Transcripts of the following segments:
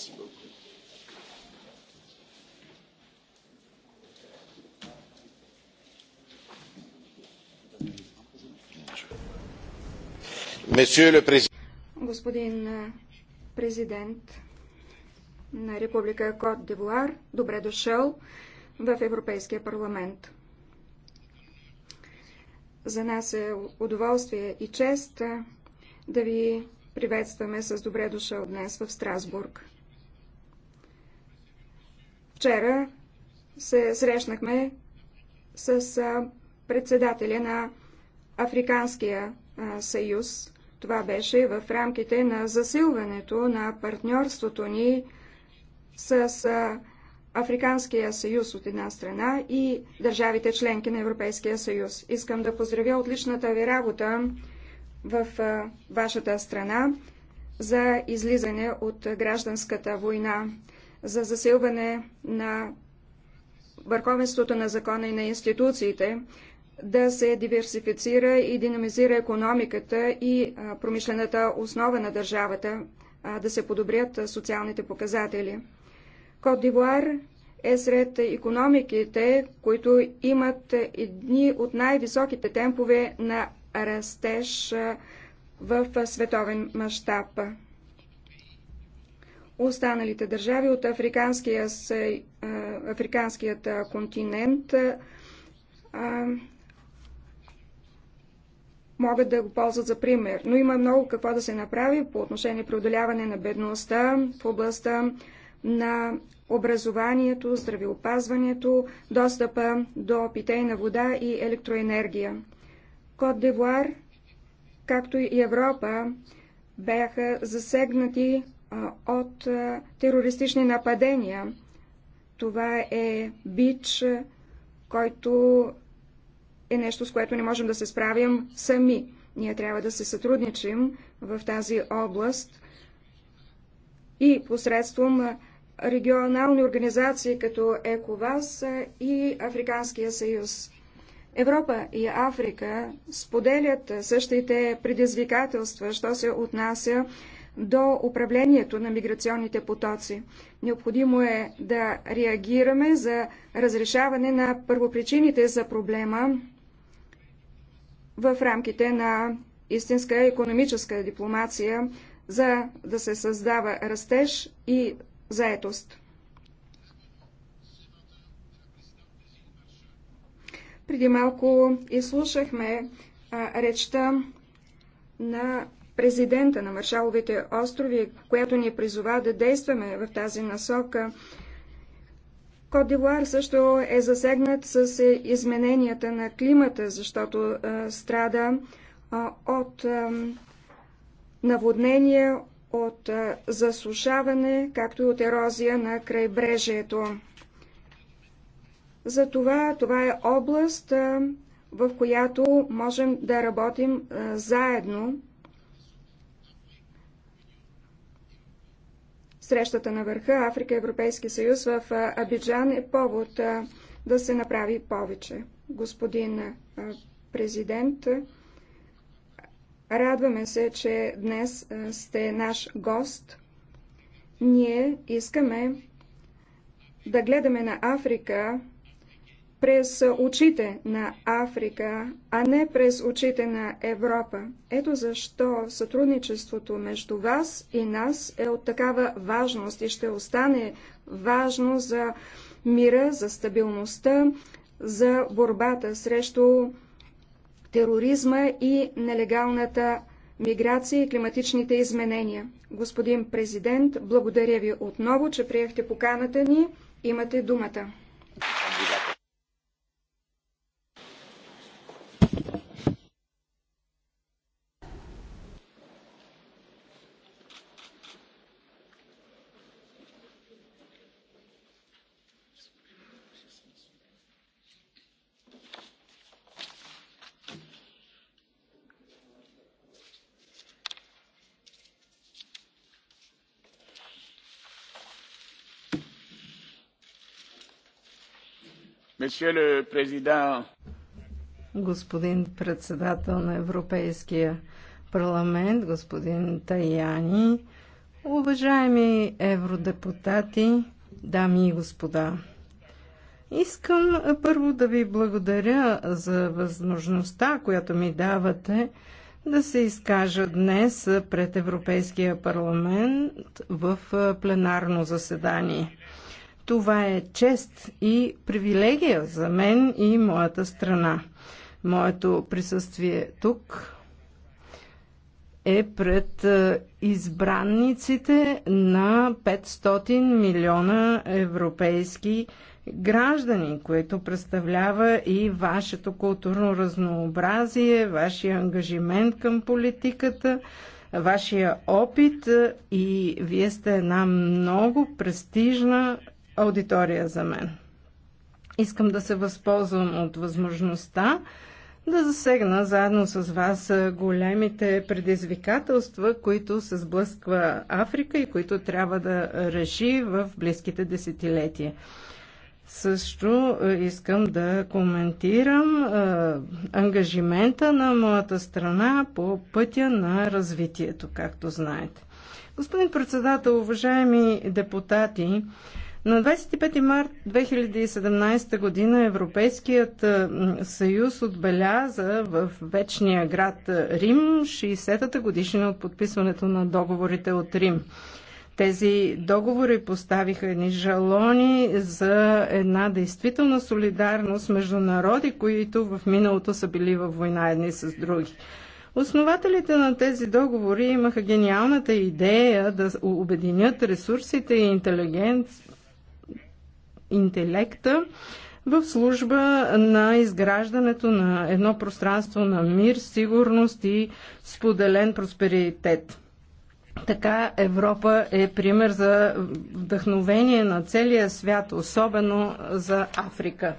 Merci beaucoup. Господин президент на Република Кот Дивуар, добре дошъл в Европейския парламент. За нас е удоволствие и чест да ви приветстваме с добре дошъл днес в Страсбург. Вчера се срещнахме с председателя на Африканския съюз. Това беше в рамките на засилването на партньорството ни с Африканския съюз от една страна и държавите членки на Европейския съюз. Искам да поздравя отличната ви работа в вашата страна за излизане от гражданската война за засилване на върховенството на закона и на институциите, да се диверсифицира и динамизира економиката и промишлената основа на държавата, да се подобрят социалните показатели. Кот Дивуар е сред економиките, които имат едни от най-високите темпове на растеж в световен мащаб. Останалите държави от Африканския, африканският континент могат да го ползват за пример. Но има много какво да се направи по отношение преодоляване на бедността в областта на образованието, здравеопазването, достъпа до питейна вода и електроенергия. Кот Девуар, както и Европа, бяха засегнати от терористични нападения. Това е бич, който е нещо, с което не можем да се справим сами. Ние трябва да се сътрудничим в тази област и посредством регионални организации като ЕКОВАС и Африканския съюз. Европа и Африка споделят същите предизвикателства, що се отнася до управлението на миграционните потоци. Необходимо е да реагираме за разрешаване на първопричините за проблема в рамките на истинска економическа дипломация, за да се създава растеж и заетост. Преди малко изслушахме речта на президента на Маршаловите острови, която ни призова да действаме в тази насока. Кот Дивуар също е засегнат с е, измененията на климата, защото а, е, страда а, е, от а, наводнения, от а, засушаване, както и от ерозия на крайбрежието. Затова това е област, а, в която можем да работим а, заедно срещата на върха Африка Европейски съюз в Абиджан е повод да се направи повече. Господин президент, радваме се, че днес сте наш гост. Ние искаме да гледаме на Африка през очите на Африка, а не през очите на Европа. Ето защо сътрудничеството между вас и нас е от такава важност и ще остане важно за мира, за стабилността, за борбата срещу тероризма и нелегалната миграция и климатичните изменения. Господин президент, благодаря ви отново, че приехте поканата ни. Имате думата. Господин председател на Европейския парламент, господин Таяни, уважаеми евродепутати, дами и господа. Искам първо да ви благодаря за възможността, която ми давате да се изкажа днес пред Европейския парламент в пленарно заседание. Това е чест и привилегия за мен и моята страна. Моето присъствие тук е пред е, избранниците на 500 милиона европейски граждани, което представлява и вашето културно разнообразие, вашия ангажимент към политиката, вашия опит е, и вие сте една много престижна аудитория за мен. Искам да се възползвам от възможността да засегна заедно с вас големите предизвикателства, които се сблъсква Африка и които трябва да реши в близките десетилетия. Също е, искам да коментирам е, ангажимента на моята страна по пътя на развитието, както знаете. Господин председател, уважаеми депутати, на 25 март 2017 година Европейският съюз отбеляза в вечния град Рим 60-та годишна от подписването на договорите от Рим. Тези договори поставиха едни жалони за една действителна солидарност между народи, които в миналото са били във война едни с други. Основателите на тези договори имаха гениалната идея да обединят ресурсите и интелигенцията интелекта в служба на изграждането на едно пространство на мир, сигурност и споделен просперитет. Така Европа е пример за вдъхновение на целия свят, особено за Африка.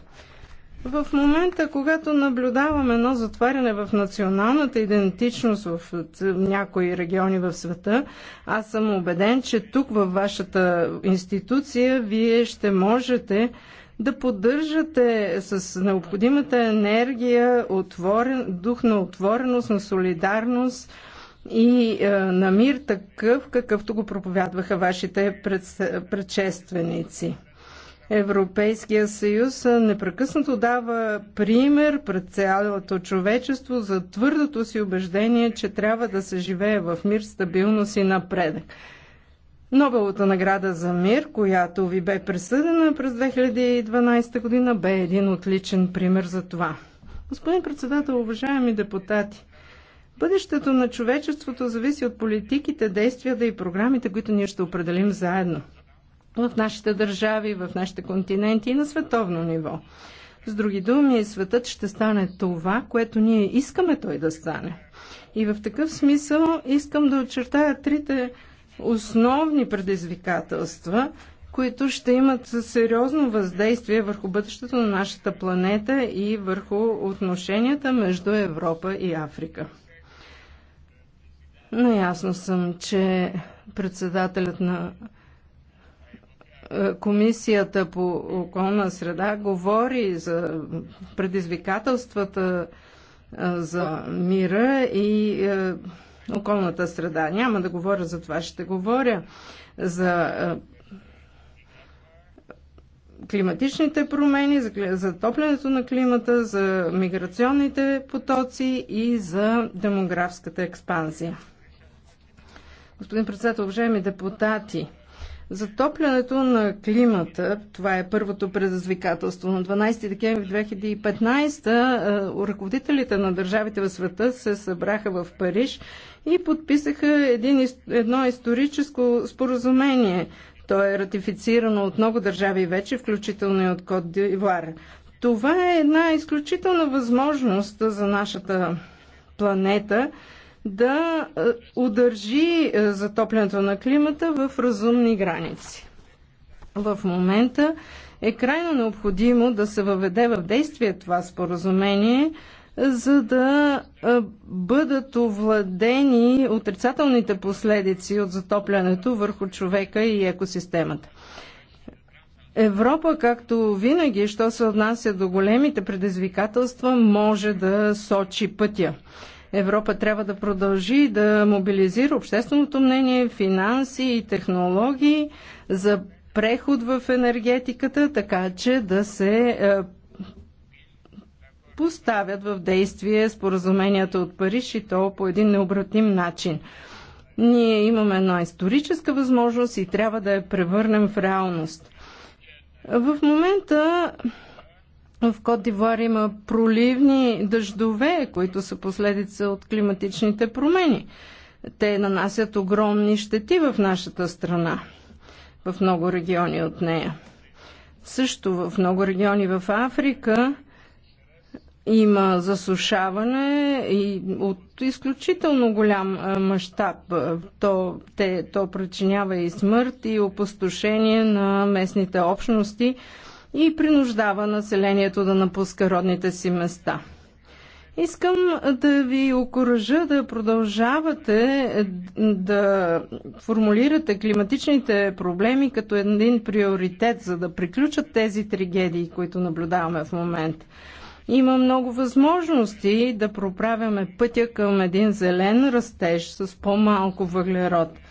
В момента, когато наблюдаваме едно затваряне в националната идентичност в някои региони в света, аз съм убеден, че тук във вашата институция вие ще можете да поддържате с необходимата енергия отворен, дух на отвореност, на солидарност и е, на мир такъв, какъвто го проповядваха вашите пред, предшественици. Европейския съюз непрекъснато дава пример пред цялото човечество за твърдото си убеждение, че трябва да се живее в мир, стабилност и напредък. Нобелата награда за мир, която ви бе присъдена през 2012 година, бе един отличен пример за това. Господин председател, уважаеми депутати, бъдещето на човечеството зависи от политиките, действията и програмите, които ние ще определим заедно в нашите държави, в нашите континенти и на световно ниво. С други думи, светът ще стане това, което ние искаме той да стане. И в такъв смисъл искам да очертая трите основни предизвикателства, които ще имат сериозно въздействие върху бъдещето на нашата планета и върху отношенията между Европа и Африка. Наясно съм, че председателят на Комисията по околна среда говори за предизвикателствата за мира и околната среда. Няма да говоря за това, ще говоря за климатичните промени, за топлянето на климата, за миграционните потоци и за демографската експанзия. Господин председател, уважаеми депутати, Затоплянето на климата, това е първото предизвикателство. На 12 декември 2015 е, ръководителите на държавите в света се събраха в Париж и подписаха един, едно историческо споразумение. То е ратифицирано от много държави вече, включително и от Кот Дивар. Това е една изключителна възможност за нашата планета – да е, удържи е, затоплянето на климата в разумни граници. В момента е крайно необходимо да се въведе в действие това споразумение, за да е, бъдат овладени отрицателните последици от затоплянето върху човека и екосистемата. Европа, както винаги, що се отнася до големите предизвикателства, може да сочи пътя. Европа трябва да продължи да мобилизира общественото мнение, финанси и технологии за преход в енергетиката, така че да се е, поставят в действие споразуменията от Париж и то по един необратим начин. Ние имаме една историческа възможност и трябва да я превърнем в реалност. В момента в Кот Дивуар има проливни дъждове, които са последица от климатичните промени. Те нанасят огромни щети в нашата страна, в много региони от нея. Също в много региони в Африка има засушаване и от изключително голям мащаб. То, то причинява и смърт, и опустошение на местните общности – и принуждава населението да напуска родните си места. Искам да ви окоръжа да продължавате да формулирате климатичните проблеми като един приоритет, за да приключат тези трагедии, които наблюдаваме в момента. Има много възможности да проправяме пътя към един зелен растеж с по-малко въглерод –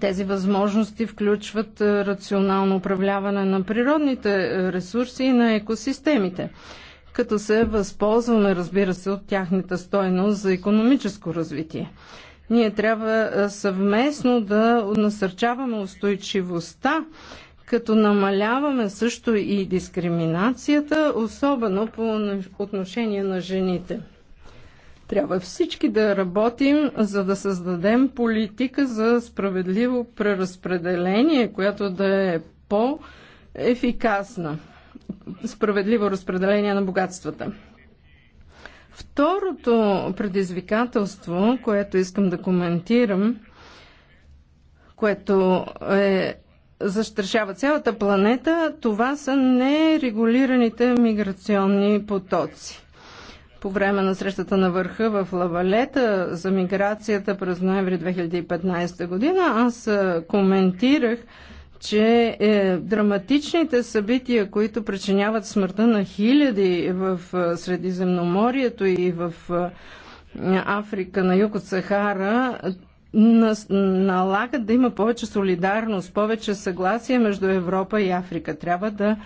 тези възможности включват е, рационално управляване на природните е, ресурси и на екосистемите, като се възползваме, разбира се, от тяхната стойност за економическо развитие. Ние трябва е, съвместно да насърчаваме устойчивостта, като намаляваме също и дискриминацията, особено по отношение на жените. Трябва всички да работим, за да създадем политика за справедливо преразпределение, която да е по-ефикасна. Справедливо разпределение на богатствата. Второто предизвикателство, което искам да коментирам, което е, застрашава цялата планета, това са нерегулираните миграционни потоци по време на срещата на върха в Лавалета за миграцията през ноември 2015 година, аз коментирах, че е, драматичните събития, които причиняват смъртта на хиляди в Средиземноморието и в Африка на юг от Сахара, налагат да има повече солидарност, повече съгласие между Европа и Африка. Трябва да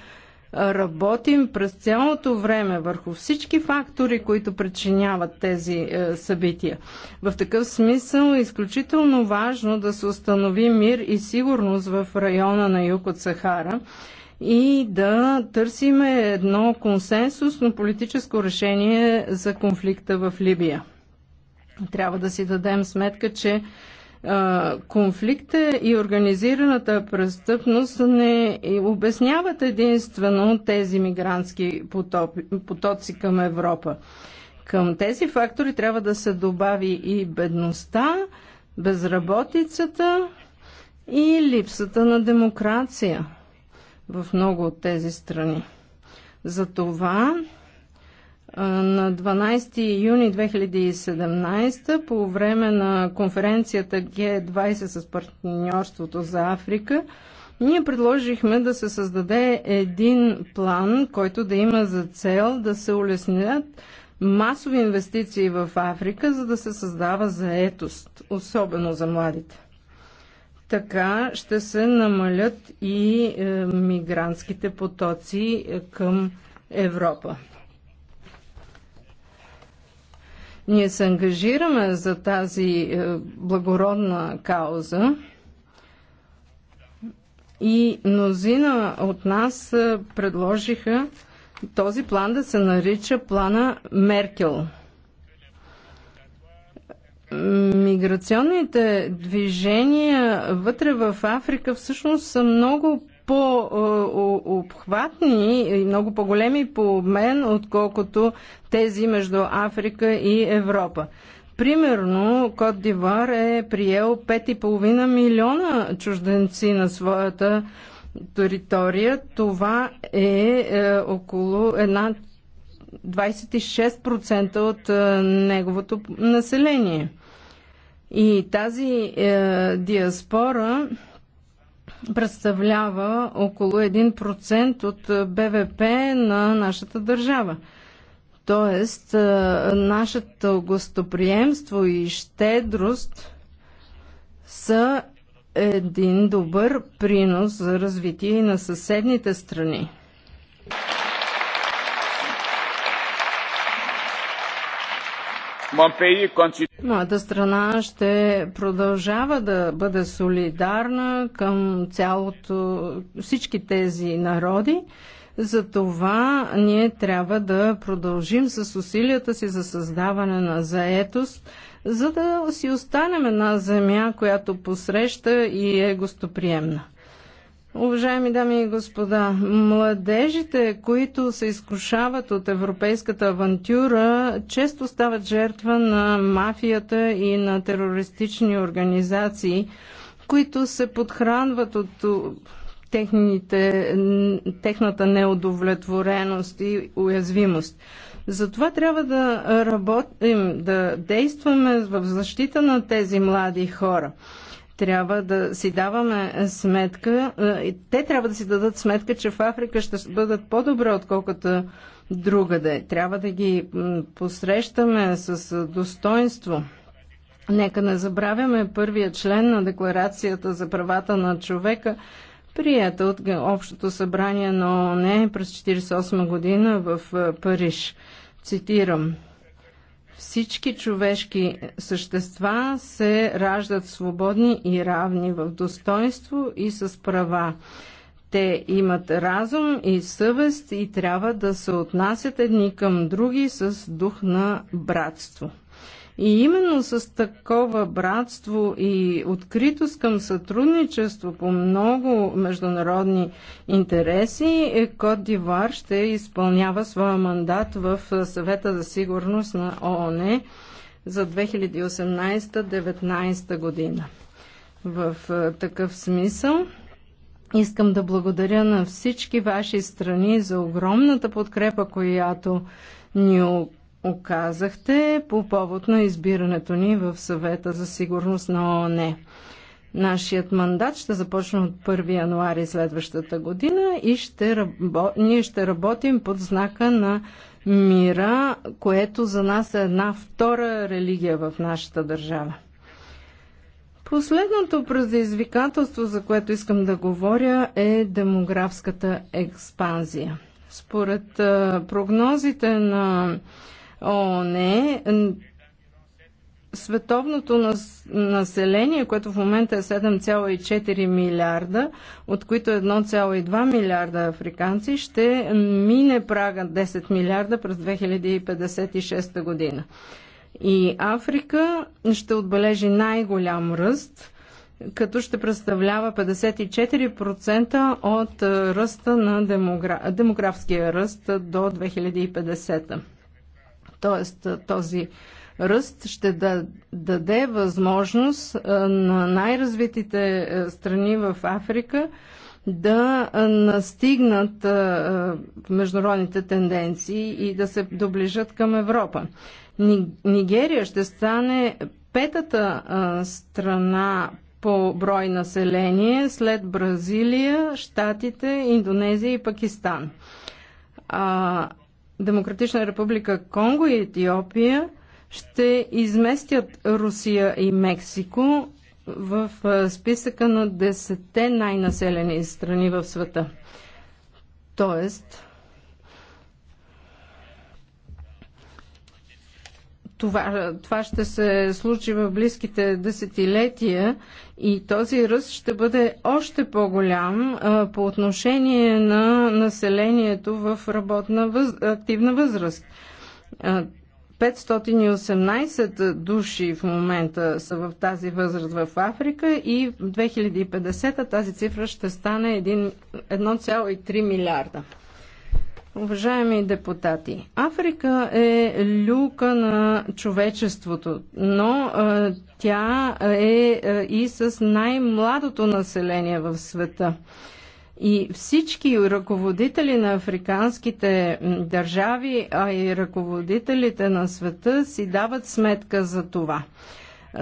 работим през цялото време върху всички фактори, които причиняват тези е, събития. В такъв смисъл е изключително важно да се установи мир и сигурност в района на юг от Сахара и да търсиме едно консенсусно политическо решение за конфликта в Либия. Трябва да си дадем сметка, че конфликта и организираната престъпност не обясняват единствено тези мигрантски потоци към Европа. Към тези фактори трябва да се добави и бедността, безработицата и липсата на демокрация в много от тези страни. Затова на 12 юни 2017 по време на конференцията G20 с партньорството за Африка, ние предложихме да се създаде един план, който да има за цел да се улеснят масови инвестиции в Африка, за да се създава заетост, особено за младите. Така ще се намалят и е, мигрантските потоци е, към Европа. Ние се ангажираме за тази е, благородна кауза и мнозина от нас е, предложиха този план да се нарича плана Меркел. Миграционните движения вътре в Африка всъщност са много по-обхватни и много по-големи по обмен, отколкото тези между Африка и Европа. Примерно, Кот Дивар е приел 5,5 милиона чужденци на своята територия. Това е, е около една 26% от е, неговото население. И тази е, диаспора представлява около 1% от е, БВП на нашата държава. Тоест, е, нашето гостоприемство и щедрост са един добър принос за развитие и на съседните страни. Моята страна ще продължава да бъде солидарна към цялото, всички тези народи. Затова ние трябва да продължим с усилията си за създаване на заетост, за да си останем една земя, която посреща и е гостоприемна. Уважаеми дами и господа, младежите, които се изкушават от европейската авантюра, често стават жертва на мафията и на терористични организации, които се подхранват от техните, техната неудовлетвореност и уязвимост. Затова трябва да работим, да действаме в защита на тези млади хора трябва да си даваме сметка, е, те трябва да си дадат сметка, че в Африка ще бъдат по-добре, отколкото другаде. Трябва да ги посрещаме с е, достоинство. Нека не забравяме първия член на Декларацията за правата на човека, прията от Общото събрание на не през 1948 година в е, Париж. Цитирам. Всички човешки същества се раждат свободни и равни в достоинство и с права. Те имат разум и съвест и трябва да се отнасят едни към други с дух на братство. И именно с такова братство и откритост към сътрудничество по много международни интереси, Кот Дивар ще изпълнява своя мандат в съвета за сигурност на ООН за 2018-19 година. В такъв смисъл искам да благодаря на всички ваши страни за огромната подкрепа, която ни оказахте по повод на избирането ни в съвета за сигурност на ООН. Нашият мандат ще започне от 1 януари следващата година и ще рабо... ние ще работим под знака на мира, което за нас е една втора религия в нашата държава. Последното предизвикателство, за което искам да говоря, е демографската експанзия. Според прогнозите на ООН, е, световното население, което в момента е 7,4 милиарда, от които 1,2 милиарда африканци, ще мине прага 10 милиарда през 2056 година. И Африка ще отбележи най-голям ръст, като ще представлява 54% от ръста на демогра... демографския ръст до 2050. Тоест този ръст ще даде възможност на най-развитите страни в Африка да настигнат международните тенденции и да се доближат към Европа. Нигерия ще стане петата страна по брой население след Бразилия, Штатите, Индонезия и Пакистан. Демократична република Конго и Етиопия ще изместят Русия и Мексико в списъка на 10 най-населени страни в света. Тоест, Това, това ще се случи в близките десетилетия и този ръст ще бъде още по-голям по отношение на населението в работна въз... активна възраст. 518 души в момента са в тази възраст в Африка и в 2050 тази цифра ще стане 1,3 милиарда. Уважаеми депутати, Африка е люка на човечеството, но е, тя е, е и с най-младото население в света. И всички ръководители на африканските държави, а и ръководителите на света си дават сметка за това.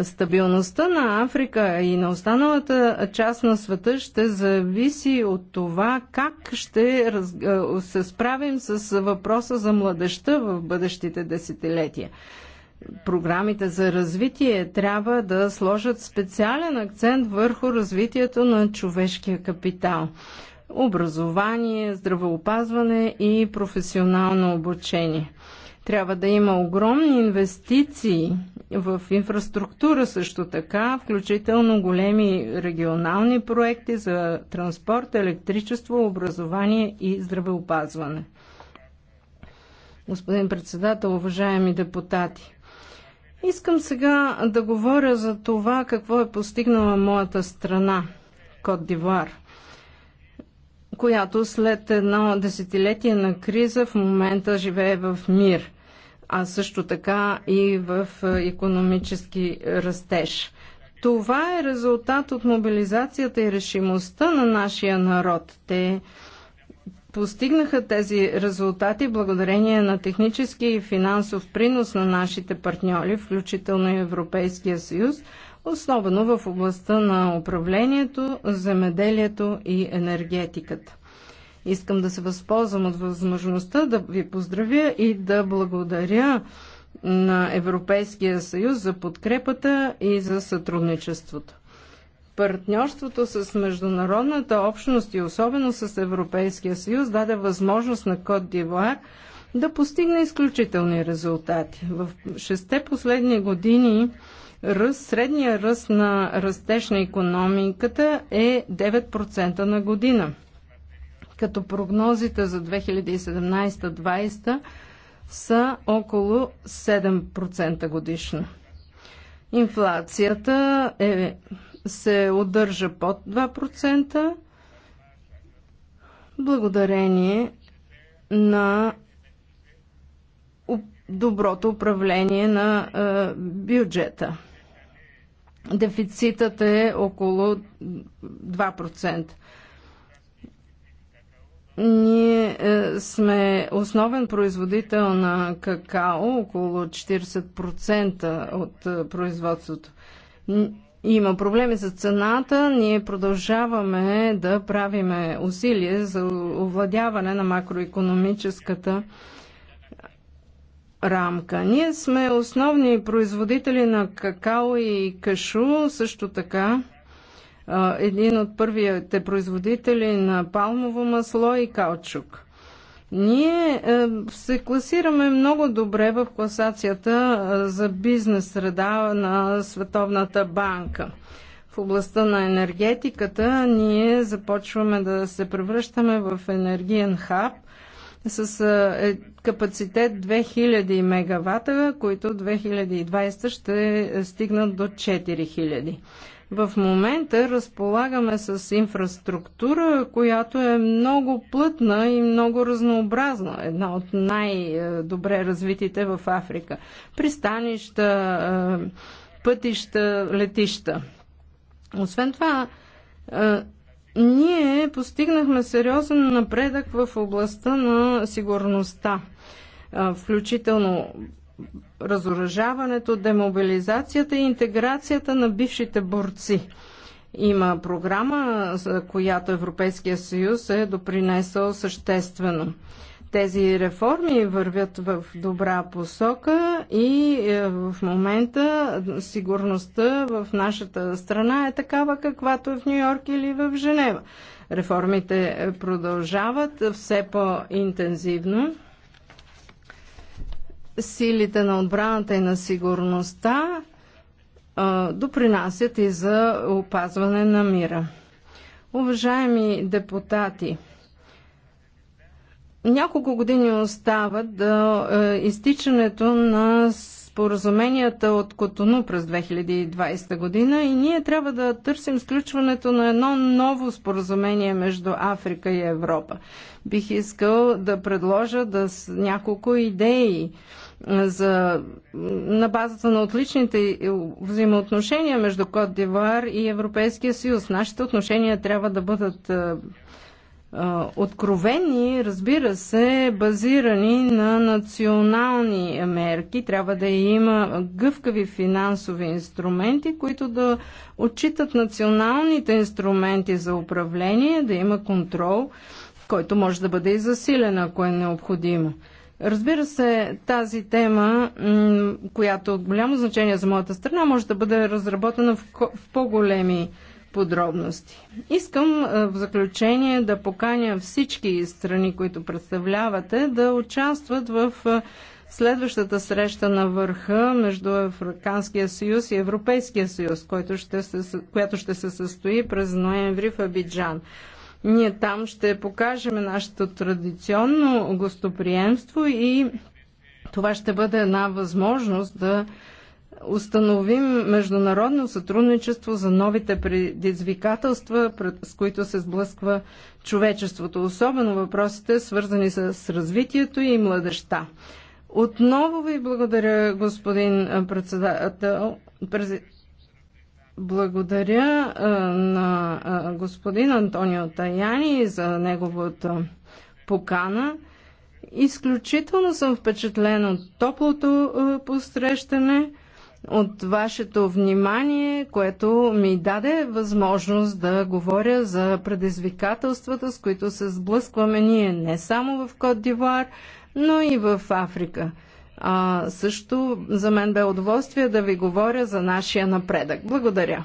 Стабилността на Африка и на останалата част на света ще зависи от това как ще раз... Е, се справим с въпроса за младеща в бъдещите десетилетия програмите за развитие трябва да сложат специален акцент върху развитието на човешкия капитал. Образование, здравеопазване и професионално обучение. Трябва да има огромни инвестиции в инфраструктура също така, включително големи регионални проекти за транспорт, електричество, образование и здравеопазване. Господин председател, уважаеми депутати, искам сега да говоря за това какво е постигнала моята страна, Кот Дивуар – която след едно десетилетие на криза в момента живее в мир а също така и в економически растеж. Това е резултат от мобилизацията и решимостта на нашия народ. Те постигнаха тези резултати благодарение на технически и финансов принос на нашите партньори, включително и Европейския съюз, особено в областта на управлението, земеделието и енергетиката. Искам да се възползвам от възможността да ви поздравя и да благодаря на Европейския съюз за подкрепата и за сътрудничеството. Партньорството с международната общност и особено с Европейския съюз даде възможност на Кот Дивуар да постигне изключителни резултати. В шесте последни години ръст, средния ръст на растеж на економиката е 9% на година като прогнозите за 2017-2020 са около 7% годишно. Инфлацията е, се удържа под 2% благодарение на доброто управление на е, бюджета. Дефицитът е около 2%. Ние е, сме основен производител на какао, около 40% от е, производството. Има проблеми с цената, ние продължаваме да правиме усилие за овладяване на макроекономическата рамка. Ние сме основни производители на какао и кашу, също така един от първите производители на палмово масло и каучук. Ние е, се класираме много добре в класацията е, за бизнес среда на Световната банка. В областта на енергетиката ние започваме да се превръщаме в енергиен хаб с е, капацитет 2000 мегавата, които 2020 ще стигнат до 4000. В момента разполагаме с инфраструктура, която е много плътна и много разнообразна. Една от най-добре развитите в Африка. Пристанища, е, пътища, летища. Освен това, е, ние постигнахме сериозен напредък в областта на сигурността, е, включително разоръжаването, демобилизацията и интеграцията на бившите борци. Има програма, за която Европейския съюз е допринесъл съществено. Тези реформи вървят в добра посока и е, в момента сигурността в нашата страна е такава, каквато е в Нью Йорк или в Женева. Реформите продължават все по-интензивно силите на отбраната и на сигурността допринасят и за опазване на мира. Уважаеми депутати, няколко години остават до е, изтичането на споразуменията от Котону през 2020 година и ние трябва да търсим сключването на едно ново споразумение между Африка и Европа. Бих искал да предложа да с няколко идеи за, на базата на отличните взаимоотношения между Кот Дивуар и Европейския съюз. Нашите отношения трябва да бъдат откровени, разбира се, базирани на национални мерки. Трябва да има гъвкави финансови инструменти, които да отчитат националните инструменти за управление, да има контрол, който може да бъде и засилен, ако е необходимо. Разбира се, тази тема, която е от голямо значение за моята страна, може да бъде разработена в по-големи подробности. Искам е, в заключение да поканя всички страни, които представлявате, да участват в е, следващата среща на върха между Африканския съюз и Европейския съюз, която ще се състои през ноември в Абиджан. Ние там ще покажем нашето традиционно гостоприемство и това ще бъде една възможност да установим международно сътрудничество за новите предизвикателства, с които се сблъсква човечеството, особено въпросите свързани с развитието и младеща. Отново ви благодаря, господин председател, благодаря на господин Антонио Таяни за неговата покана. Изключително съм впечатлен от топлото посрещане, от вашето внимание, което ми даде възможност да говоря за предизвикателствата, с които се сблъскваме ние не само в Кот Дивуар, но и в Африка. А, също за мен бе удоволствие да ви говоря за нашия напредък. Благодаря.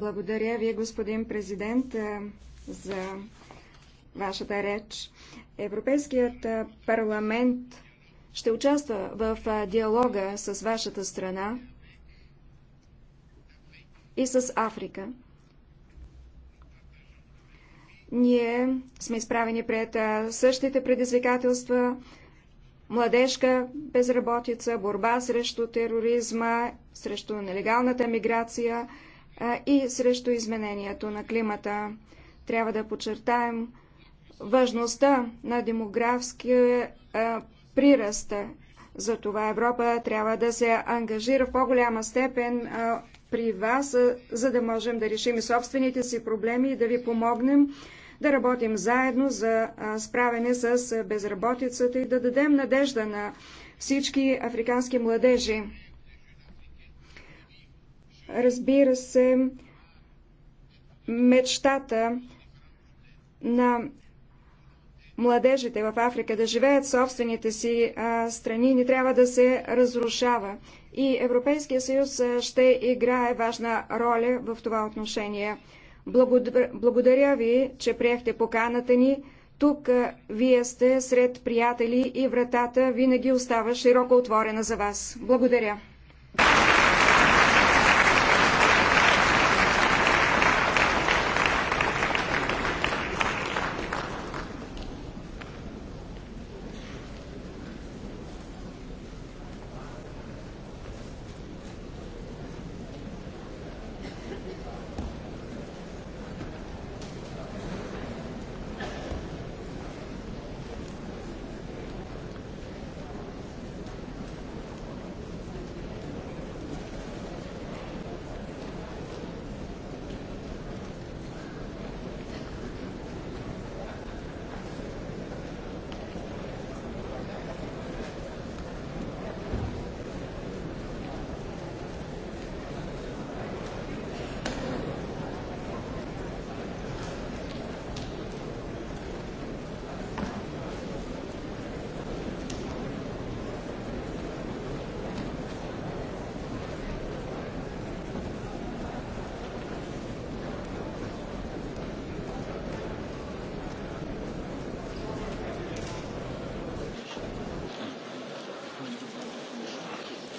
Благодаря ви, господин президент, за вашата реч. Европейският парламент ще участва в диалога с вашата страна и с Африка. Ние сме изправени пред същите предизвикателства, младежка безработица, борба срещу тероризма, срещу нелегалната миграция и срещу изменението на климата. Трябва да подчертаем важността на демографския прираст. това. Европа трябва да се ангажира в по-голяма степен при вас, за да можем да решим собствените си проблеми и да ви помогнем да работим заедно за справяне с безработицата и да дадем надежда на всички африкански младежи. Разбира се, мечтата на младежите в Африка да живеят в собствените си страни не трябва да се разрушава. И Европейския съюз ще играе важна роля в това отношение. Благодаря ви, че приехте поканата ни. Тук вие сте сред приятели и вратата винаги остава широко отворена за вас. Благодаря.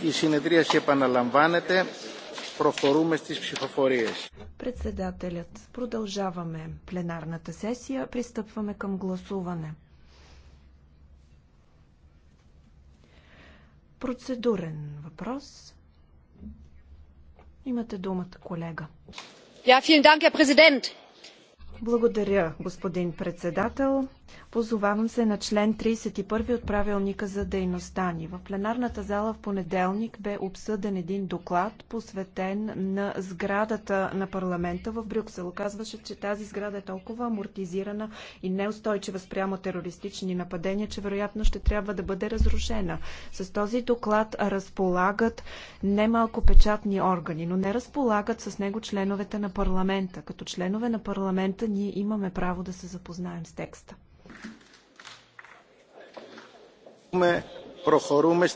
Η συνεδρίαση επαναλαμβάνεται. Προχωρούμε στις ψηφοφορίες. Председателят, продължаваме пленарната сесия. Пристъпваме към гласуване. Процедурен въпрос. Имате думата, колега. Ja, vielen Dank, Herr Präsident. Благодаря, господин председател. Позовавам се на член 31 от правилника за дейността ни. В пленарната зала в понеделник бе обсъден един доклад, посветен на сградата на парламента в Брюксел. Оказваше, че тази сграда е толкова амортизирана и неустойчива спрямо терористични нападения, че вероятно ще трябва да бъде разрушена. С този доклад разполагат немалко печатни органи, но не разполагат с него членовете на парламента. Като членове на парламента ние имаме право да се запознаем с текста. Προχωρούμε